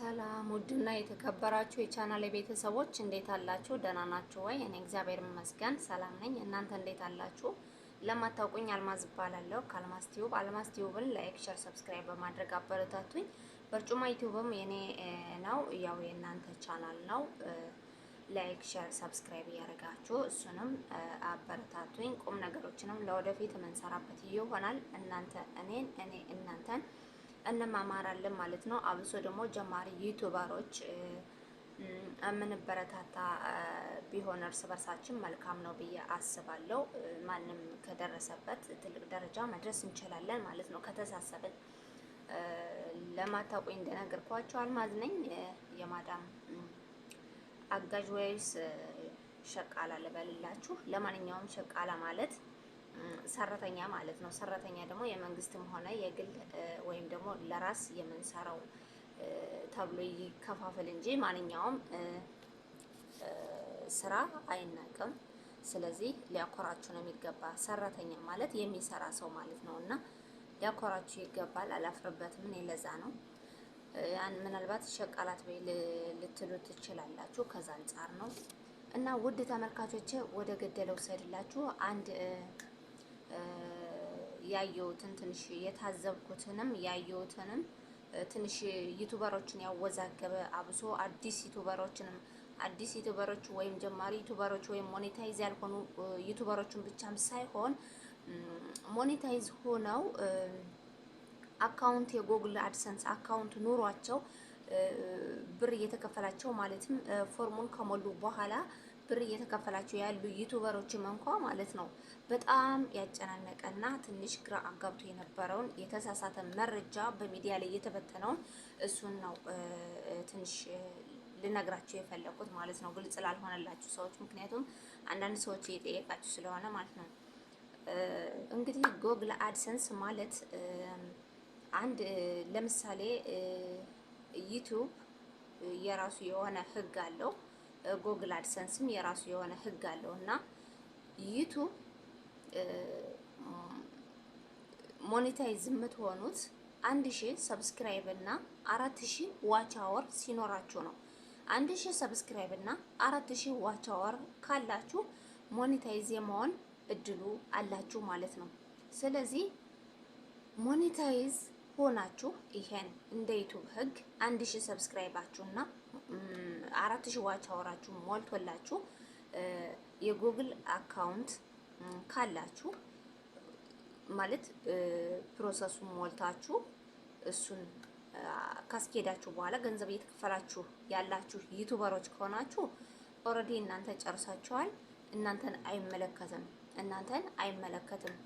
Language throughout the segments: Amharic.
ሰላም ውድና የተከበራችሁ የቻናል ቤተሰቦች እንዴት አላችሁ? ደህና ናችሁ ወይ? እኔ እግዚአብሔር ይመስገን ሰላም ነኝ። እናንተ እንዴት አላችሁ? ለማታውቁኝ አልማዝ እባላለሁ ከአልማዝ ቲዩብ። አልማዝ ቲዩብን ላይክ፣ ሸር፣ ሰብስክራይብ በማድረግ አበረታቱኝ። በርጩማ ዩቲዩብም የኔ ነው፣ ያው የእናንተ ቻናል ነው። ላይክ፣ ሸር፣ ሰብስክራይብ እያደረጋችሁ እሱንም አበረታቱኝ። ቁም ነገሮችንም ለወደፊት የምንሰራበት ይሆናል። እናንተ እኔን እኔ እናንተን እንማማራለን ማለት ነው። አብሶ ደግሞ ጀማሪ ዩቱበሮች የምንበረታታ ቢሆን እርስ በርሳችን መልካም ነው ብዬ አስባለሁ። ማንም ከደረሰበት ትልቅ ደረጃ መድረስ እንችላለን ማለት ነው ከተሳሰብን። ለማታውቁኝ እንደነገርኳቸው አልማዝ ነኝ የማዳም አጋዥ ወይስ ሸቃላ ልበልላችሁ። ለማንኛውም ሸቃላ ማለት ሰራተኛ ማለት ነው። ሰራተኛ ደግሞ የመንግስትም ሆነ የግል ወይም ደግሞ ለራስ የምንሰራው ተብሎ ይከፋፈል እንጂ ማንኛውም ስራ አይናቅም። ስለዚህ ሊያኮራችሁ ነው የሚገባ። ሰራተኛ ማለት የሚሰራ ሰው ማለት ነው እና ሊያኮራችሁ ይገባል። አላፍርበትም። እኔ ለዛ ነው ያን ምናልባት ሸቃላት ልትሉ ትችላላችሁ። ከዛ አንጻር ነው እና ውድ ተመልካቾቼ ወደ ገደለው ሰድላችሁ አንድ ያየሁትን ትንሽ የታዘብኩትንም ያየሁትንም ትንሽ ዩቱበሮችን ያወዛገበ አብሶ አዲስ ዩቱበሮችንም አዲስ ዩቱበሮች ወይም ጀማሪ ዩቱበሮች ወይም ሞኔታይዝ ያልሆኑ ዩቱበሮችን ብቻም ሳይሆን ሞኔታይዝ ሆነው አካውንት የጎግል አድሰንስ አካውንት ኑሯቸው ብር እየተከፈላቸው ማለትም ፎርሙን ከሞሉ በኋላ ብር እየተከፈላቸው ያሉ ዩቱበሮችም እንኳ ማለት ነው በጣም ያጨናነቀና ትንሽ ግራ አጋብቶ የነበረውን የተሳሳተ መረጃ በሚዲያ ላይ የተበተነውን እሱን ነው ትንሽ ልነግራቸው የፈለኩት ማለት ነው። ግልጽ ላልሆነላችሁ ሰዎች ምክንያቱም አንዳንድ ሰዎች እየጠየቃችሁ ስለሆነ ማለት ነው። እንግዲህ ጎግል አድሰንስ ማለት አንድ ለምሳሌ ዩቱብ የራሱ የሆነ ህግ አለው። ጎግል አድሰንስም የራሱ የሆነ ህግ አለው እና ዩቱብ ሞኔታይዝ የምትሆኑት አንድ ሺህ ሰብስክራይብ እና አራት ሺህ ዋች አወር ሲኖራችሁ ነው። አንድ ሺህ ሰብስክራይብ እና አራት ሺህ ዋች አወር ካላችሁ ሞኔታይዝ የመሆን እድሉ አላችሁ ማለት ነው። ስለዚህ ሞኔታይዝ ሆናችሁ ይሄን እንደ ዩቱብ ህግ አንድ ሺህ ሰብስክራይባችሁና አራት ሺህ ዋች አወራችሁ ሞልቶላችሁ የጉግል አካውንት ካላችሁ ማለት ፕሮሰሱን ሞልታችሁ እሱን ካስኬዳችሁ በኋላ ገንዘብ እየተከፈላችሁ ያላችሁ ዩቱበሮች ከሆናችሁ ኦልሬዲ እናንተ ጨርሳችኋል። እናንተን አይመለከትም፣ እናንተን አይመለከትም።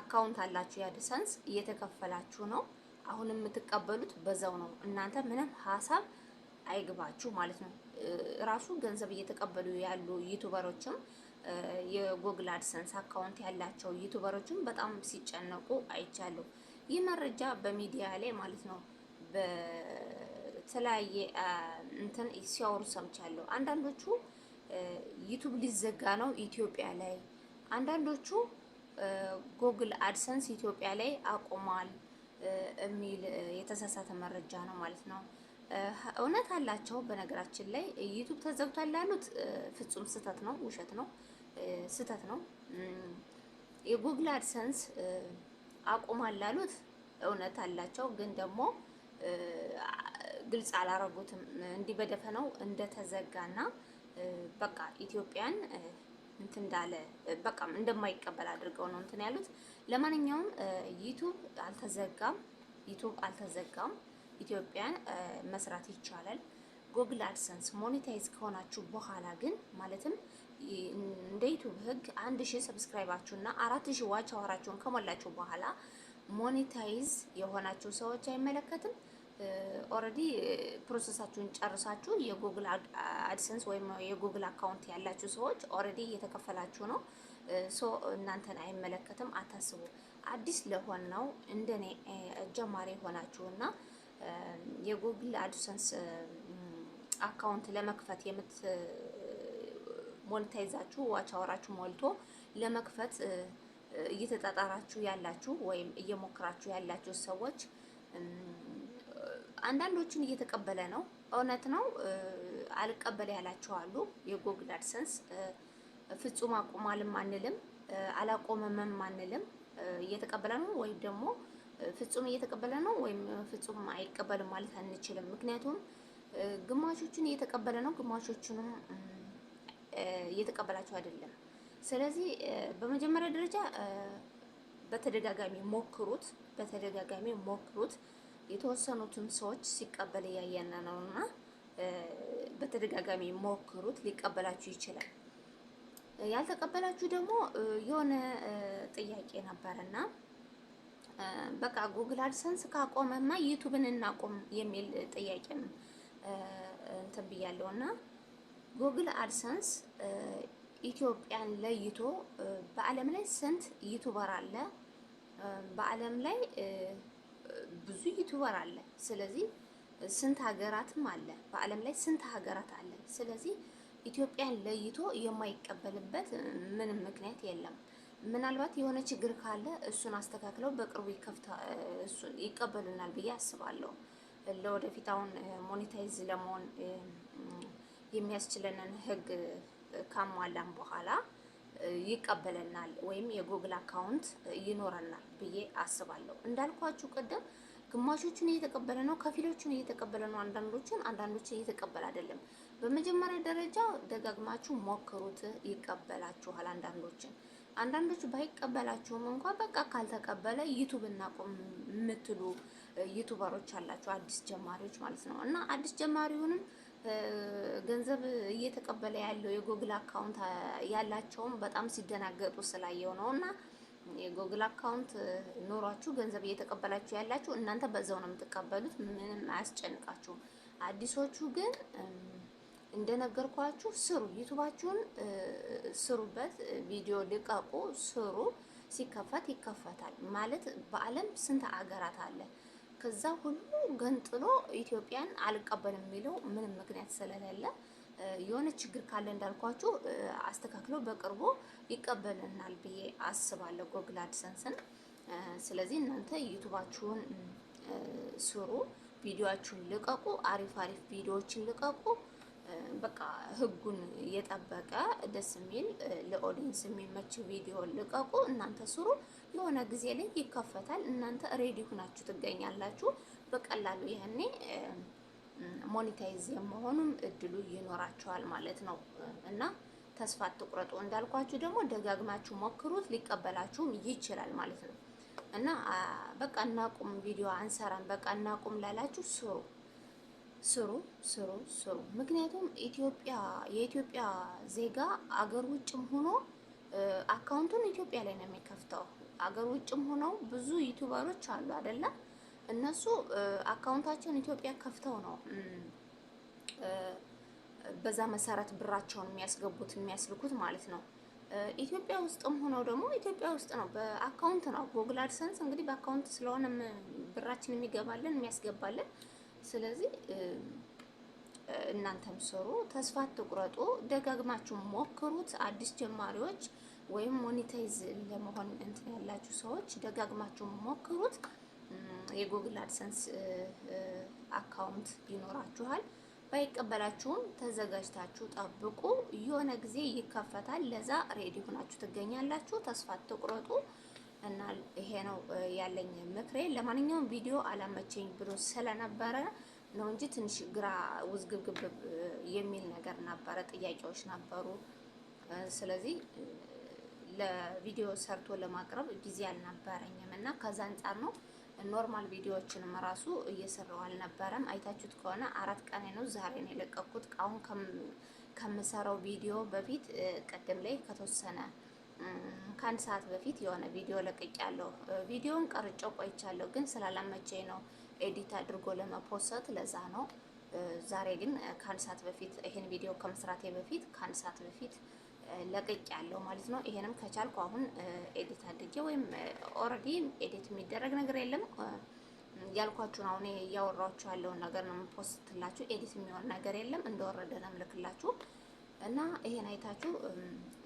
አካውንት አላችሁ፣ ያድሰንስ እየተከፈላችሁ ነው። አሁን የምትቀበሉት በዛው ነው። እናንተ ምንም ሀሳብ አይግባችሁ ማለት ነው። ራሱ ገንዘብ እየተቀበሉ ያሉ ዩቱበሮችም የጎግል አድሰንስ አካውንት ያላቸው ዩቱበሮችም በጣም ሲጨነቁ አይቻለሁ። ይህ መረጃ በሚዲያ ላይ ማለት ነው በተለያየ እንትን ሲያወሩ ሰምቻለሁ። አንዳንዶቹ ዩቱብ ሊዘጋ ነው ኢትዮጵያ ላይ፣ አንዳንዶቹ ጎግል አድሰንስ ኢትዮጵያ ላይ አቁሟል የሚል የተሳሳተ መረጃ ነው ማለት ነው። እውነት አላቸው። በነገራችን ላይ ዩቱብ ተዘግቷል ላሉት ፍጹም ስህተት ነው፣ ውሸት ነው፣ ስህተት ነው። የጉግል አድሰንስ አቁሟል ላሉት እውነት አላቸው። ግን ደግሞ ግልጽ አላረጉትም። እንዲህ በደፈነው እንደተዘጋና በቃ ኢትዮጵያን እንትን እንዳለ በቃ እንደማይቀበል አድርገው ነው እንትን ያሉት። ለማንኛውም ዩቱብ አልተዘጋም፣ ዩቱብ አልተዘጋም። ኢትዮጵያን መስራት ይቻላል። ጉግል አድሰንስ ሞኔታይዝ ከሆናችሁ በኋላ ግን ማለትም እንደ ዩቱብ ህግ አንድ ሺህ ሰብስክራይባችሁና አራት ሺህ ዋች አወራችሁን ከሞላችሁ በኋላ ሞኔታይዝ የሆናችሁ ሰዎች አይመለከትም። ኦልሬዲ ፕሮሰሳችሁን ጨርሳችሁ የጉግል አድሰንስ ወይም የጉግል አካውንት ያላችሁ ሰዎች ኦልሬዲ እየተከፈላችሁ ነው። ሶ እናንተን አይመለከትም፣ አታስቡ። አዲስ ለሆነው እንደኔ ጀማሪ ሆናችሁና የጉግል አድሰንስ አካውንት ለመክፈት የምት ሞልታይዛችሁ ዋች ሞልቶ ለመክፈት እየተጣጣራችሁ ያላችሁ ወይም እየሞከራችሁ ያላችሁ ሰዎች አንዳንዶቹን እየተቀበለ ነው። እውነት ነው። አልቀበል ያላችሁ አሉ። የጉግል አድሰንስ ፍጹም አቁማልም አንልም፣ አላቆመምም አንልም። እየተቀበለ ነው ወይም ደግሞ ፍጹም እየተቀበለ ነው ወይም ፍጹም አይቀበልም ማለት አንችልም። ምክንያቱም ግማሾቹን እየተቀበለ ነው፣ ግማሾቹንም እየተቀበላቸው አይደለም። ስለዚህ በመጀመሪያ ደረጃ በተደጋጋሚ ሞክሩት፣ በተደጋጋሚ ሞክሩት። የተወሰኑትን ሰዎች ሲቀበል እያየን ነው እና በተደጋጋሚ ሞክሩት፣ ሊቀበላችሁ ይችላል። ያልተቀበላችሁ ደግሞ የሆነ ጥያቄ ነበረና በቃ ጉግል አድሰንስ ካቆመማ ዩቱብን እናቆም የሚል ጥያቄም እንትን ብያለሁ እና ጉግል አድሰንስ ኢትዮጵያን ለይቶ በዓለም ላይ ስንት ዩቱበር አለ? በዓለም ላይ ብዙ ዩቱበር አለ። ስለዚህ ስንት ሀገራትም አለ። በዓለም ላይ ስንት ሀገራት አለ? ስለዚህ ኢትዮጵያን ለይቶ የማይቀበልበት ምንም ምክንያት የለም። ምናልባት የሆነ ችግር ካለ እሱን አስተካክለው በቅርቡ ይቀበሉናል ብዬ አስባለሁ። ለወደፊት አሁን ሞኔታይዝ ለመሆን የሚያስችለንን ህግ ካሟላን በኋላ ይቀበለናል ወይም የጉግል አካውንት ይኖረናል ብዬ አስባለሁ። እንዳልኳችሁ ቅድም ግማሾቹን እየተቀበለ ነው፣ ከፊሎቹን እየተቀበለ ነው፣ አንዳንዶቹን አንዳንዶችን እየተቀበለ አይደለም። በመጀመሪያ ደረጃ ደጋግማችሁ ሞክሩት፣ ይቀበላችኋል አንዳንዶችን አንዳንዶች ባይቀበላችሁም እንኳን በቃ ካልተቀበለ ዩቱብ እናቆም የምትሉ ዩቱበሮች አላችሁ፣ አዲስ ጀማሪዎች ማለት ነው። እና አዲስ ጀማሪውንም ገንዘብ እየተቀበለ ያለው የጎግል አካውንት ያላቸውም በጣም ሲደናገጡ ስላየው ነው እና የጎግል አካውንት ኖሯችሁ ገንዘብ እየተቀበላችሁ ያላችሁ እናንተ በዛው ነው የምትቀበሉት፣ ምንም አያስጨንቃችሁም። አዲሶቹ ግን እንደነገርኳችሁ ስሩ፣ ዩቱባችሁን ስሩበት፣ ቪዲዮ ልቀቁ፣ ስሩ። ሲከፈት ይከፈታል ማለት በዓለም ስንት አገራት አለ። ከዛ ሁሉ ገንጥሎ ኢትዮጵያን አልቀበልም የሚለው ምንም ምክንያት ስለሌለ የሆነ ችግር ካለ እንዳልኳችሁ አስተካክሎ በቅርቡ ይቀበልናል ብዬ አስባለሁ ጎግል አድሰንስን። ስለዚህ እናንተ ዩቱባችሁን ስሩ፣ ቪዲዮችሁን ልቀቁ፣ አሪፍ አሪፍ ቪዲዮዎችን ልቀቁ። በቃ ህጉን የጠበቀ ደስ የሚል ለኦዲንስ የሚመች ቪዲዮ ልቀቁ፣ እናንተ ስሩ። የሆነ ጊዜ ላይ ይከፈታል። እናንተ ሬዲ ሁናችሁ ትገኛላችሁ። በቀላሉ ይህኔ ሞኔታይዝ የመሆኑም እድሉ ይኖራችኋል ማለት ነው እና ተስፋ አትቁረጡ። እንዳልኳችሁ ደግሞ ደጋግማችሁ ሞክሩት፣ ሊቀበላችሁም ይችላል ማለት ነው እና በቃ እናቁም ቪዲዮ አንሰራም፣ በቃ እናቁም ላላችሁ ስሩ። ስሩ ስሩ ስሩ። ምክንያቱም ኢትዮጵያ የኢትዮጵያ ዜጋ አገር ውጭም ሆኖ አካውንቱን ኢትዮጵያ ላይ ነው የሚከፍተው። አገር ውጭም ሆነው ብዙ ዩቱበሮች አሉ አይደለም። እነሱ አካውንታቸውን ኢትዮጵያ ከፍተው ነው በዛ መሰረት ብራቸውን የሚያስገቡት የሚያስልኩት ማለት ነው። ኢትዮጵያ ውስጥም ሆነው ደግሞ ኢትዮጵያ ውስጥ ነው በአካውንት ነው። ጎግል አድሰንስ እንግዲህ በአካውንት ስለሆነ ብራችን የሚገባልን የሚያስገባልን ስለዚህ እናንተም ስሩ፣ ተስፋ አትቁረጡ፣ ደጋግማችሁ ሞክሩት። አዲስ ጀማሪዎች ወይም ሞኒታይዝ ለመሆን እንትን ያላችሁ ሰዎች ደጋግማችሁ ሞክሩት። የጉግል አድሰንስ አካውንት ይኖራችኋል። ባይቀበላችሁም ተዘጋጅታችሁ ጠብቁ። የሆነ ጊዜ ይከፈታል። ለዛ ሬዲ ሆናችሁ ትገኛላችሁ። ተስፋ አትቁረጡ። እና ይሄ ነው ያለኝ ምክሬ። ለማንኛውም ቪዲዮ አላመቸኝ ብሎ ስለነበረ ነው እንጂ ትንሽ ግራ ውዝግብግብ የሚል ነገር ነበረ፣ ጥያቄዎች ነበሩ። ስለዚህ ለቪዲዮ ሰርቶ ለማቅረብ ጊዜ አልነበረኝም እና ከዛ አንጻር ነው ኖርማል ቪዲዮዎችንም ራሱ እየሰራው አልነበረም። አይታችሁት ከሆነ አራት ቀን ነው ዛሬ ነው የለቀኩት። አሁን ከምሰራው ቪዲዮ በፊት ቀደም ላይ ከተወሰነ ከአንድ ሰዓት በፊት የሆነ ቪዲዮ ለቅቄያለሁ። ቪዲዮውን ቀርጬው ቆይቻለሁ፣ ግን ስላላመቼኝ ነው ኤዲት አድርጎ ለመፖሰት ለዛ ነው። ዛሬ ግን ከአንድ ሰዓት በፊት ይሄን ቪዲዮ ከመስራቴ በፊት ከአንድ ሰዓት በፊት ለቅቄያለሁ ማለት ነው። ይሄንም ከቻልኩ አሁን ኤዲት አድርጌ ወይም ኦልሬዲ ኤዲት የሚደረግ ነገር የለም ያልኳችሁን አሁን እያወራችሁ ያለውን ነገር ነው የምፖስትላችሁ። ኤዲት የሚሆን ነገር የለም እንደወረደ ነው የምልክላችሁ። እና ይሄን አይታችሁ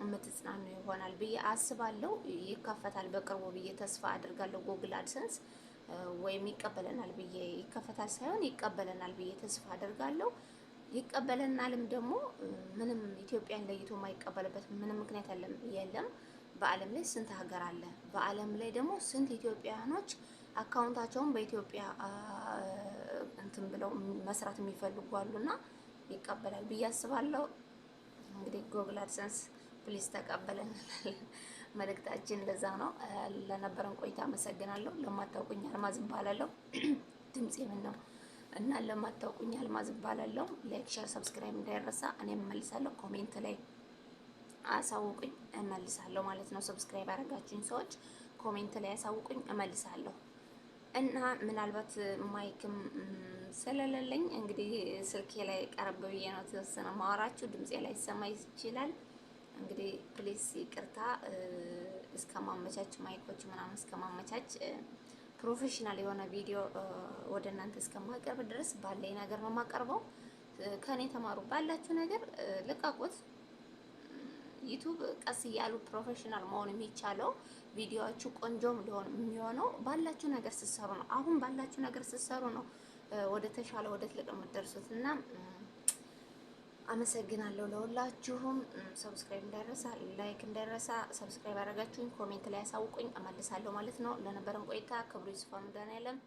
የምትጽናኑ ይሆናል ብዬ አስባለሁ። ይከፈታል በቅርቡ ብዬ ተስፋ አድርጋለሁ። ጎግል አድሰንስ ወይም ይቀበለናል ብዬ ይከፈታል ሳይሆን ይቀበለናል ብዬ ተስፋ አድርጋለሁ። ይቀበለናልም ደግሞ ምንም ኢትዮጵያን ለይቶ የማይቀበልበት ምንም ምክንያት የለም። በዓለም ላይ ስንት ሀገር አለ። በዓለም ላይ ደግሞ ስንት ኢትዮጵያውያኖች አካውንታቸውን በኢትዮጵያ እንትን ብለው መስራት የሚፈልጉ አሉና ይቀበላል ብዬ አስባለሁ። እንግዲህ ጎግል አድሰንስ ፕሊዝ ተቀበለን መልእክታችን ለዛ ነው። ለነበረን ቆይታ አመሰግናለሁ። ለማታውቁኝ አልማዝ እባላለሁ። ድምፅ ምን ነው እና ለማታውቁኝ አልማዝ እባላለሁ። ላይክ፣ ሼር፣ ሰብስክራይብ እንዳይረሳ። እኔም እመልሳለሁ። ኮሜንት ላይ አሳውቁኝ እመልሳለሁ ማለት ነው። ሰብስክራይብ ያደረጋችሁኝ ሰዎች ኮሜንት ላይ አሳውቁኝ እመልሳለሁ እና ምናልባት ማይክም ስለሌለኝ እንግዲህ ስልኬ ላይ ቀረብ ብዬ ነው የተወሰነ ማወራችሁ። ድምፄ ላይ ይሰማ ይችላል። እንግዲህ ፕሊስ ይቅርታ። እስከማመቻች ማይኮች ምናምን እስከማመቻች ፕሮፌሽናል የሆነ ቪዲዮ ወደ እናንተ እስከማቀርብ ድረስ ባለኝ ነገር ነው የማቀርበው። ከኔ ተማሩ ባላችሁ ነገር ልቀቁት። ዩቱብ ቀስ እያሉ ፕሮፌሽናል መሆን የሚቻለው ቪዲዮዎቹ ቆንጆም ሊሆን የሚሆነው ባላችሁ ነገር ስትሰሩ ነው። አሁን ባላችሁ ነገር ስትሰሩ ነው ወደ ተሻለ ወደ ልቅ የምትደርሱት እና አመሰግናለሁ ለሁላችሁም። ሰብስክራይብ እንዳይረሳ፣ ላይክ እንዳይረሳ። ሰብስክራይብ ያደረጋችሁኝ ኮሜንት ላይ ያሳውቁኝ፣ እመልሳለሁ ማለት ነው። ለነበረን ቆይታ ክብሩ ይስፋ መድኃኒዓለም